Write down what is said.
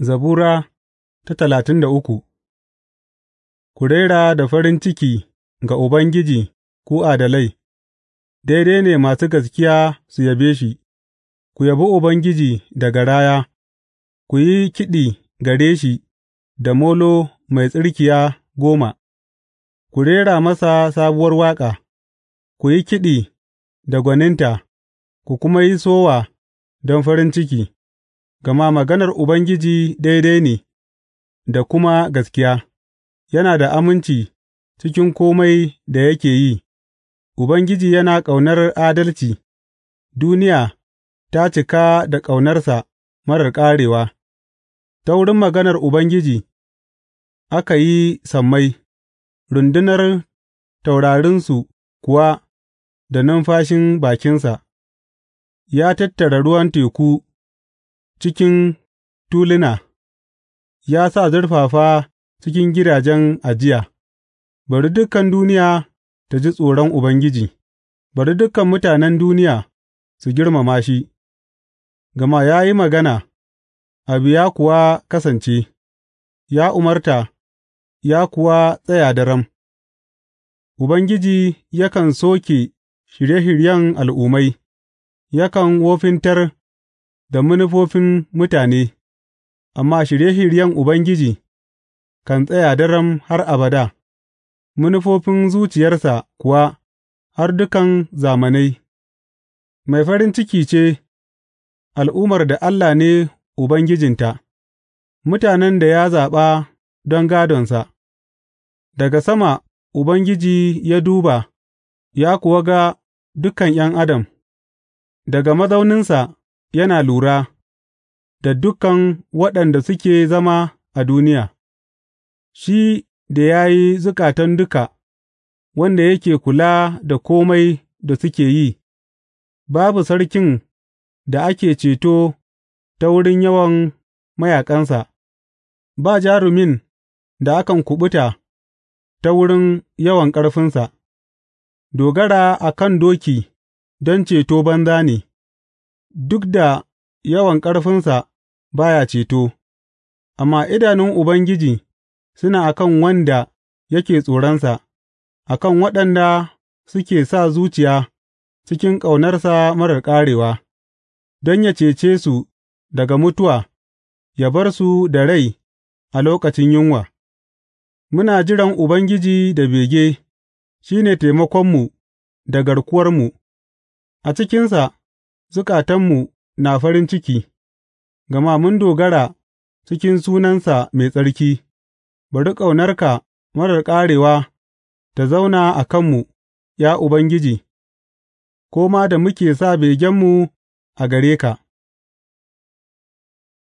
Zabura ta talatin da uku Ku rera da farin ciki ga Ubangiji, ku adalai, daidai ne masu gaskiya su yabe shi, ku yabi Ubangiji da garaya, ku yi kiɗi gare shi da molo mai tsirkiya goma, ku rera masa sabuwar waƙa, ku yi kiɗi da gwaninta, ku kuma yi sowa don farin ciki. gama maganar Ubangiji daidai ne da kuma gaskiya, yana da aminci cikin kome da yake yi, Ubangiji yana ƙaunar adalci, duniya ta cika da ƙaunarsa marar ƙarewa, ta wurin maganar Ubangiji aka yi sammai, rundunar taurarinsu kuwa da numfashin bakinsa, ya tattara ruwan teku. cikin tuluna, ya sa zurfafa cikin gidajen ajiya; bari dukan duniya ta ji tsoron Ubangiji, bari dukan mutanen duniya su girmama shi, gama ya yi magana, abu ya kuwa kasance, ya umarta, ya kuwa tsaya daram. Ubangiji yakan soke shirye shiryen al'ummai; yakan wofintar da manufofin mutane, amma shirye shiryen Ubangiji kan tsaya daram har abada, manufofin zuciyarsa kuwa har dukan zamanai, mai farin ciki ce al'ummar da Allah ne Ubangijinta, mutanen da ya zaɓa don gadonsa. daga sama Ubangiji ya duba ya kuwa ga dukan ’yan adam, daga mazauninsa. yana lura da dukan waɗanda suke zama a duniya, shi da ya yi zukatan duka, wanda yake kula da komai da suke yi, babu sarkin da ake ceto ta wurin yawan mayaƙansa, ba jarumin da akan kuɓuta ta wurin yawan ƙarfinsa, dogara a kan doki don ceto banza ne. duk da yawan ƙarfinsa ba ya ceto, amma idanun Ubangiji suna a kan wanda yake tsoronsa, a kan waɗanda suke sa zuciya cikin ƙaunarsa marar ƙarewa, don ya cece su daga mutuwa, ya bar su da rai a lokacin yunwa. Muna jiran Ubangiji da bege, shi ne taimakonmu da garkuwarmu; a cikinsa zukatanmu na farin ciki, gama mun dogara cikin sunansa mai tsarki; bari ƙaunarka marar ƙarewa ta zauna a kanmu, ya Ubangiji, ko ma da muke sa begenmu a gare ka.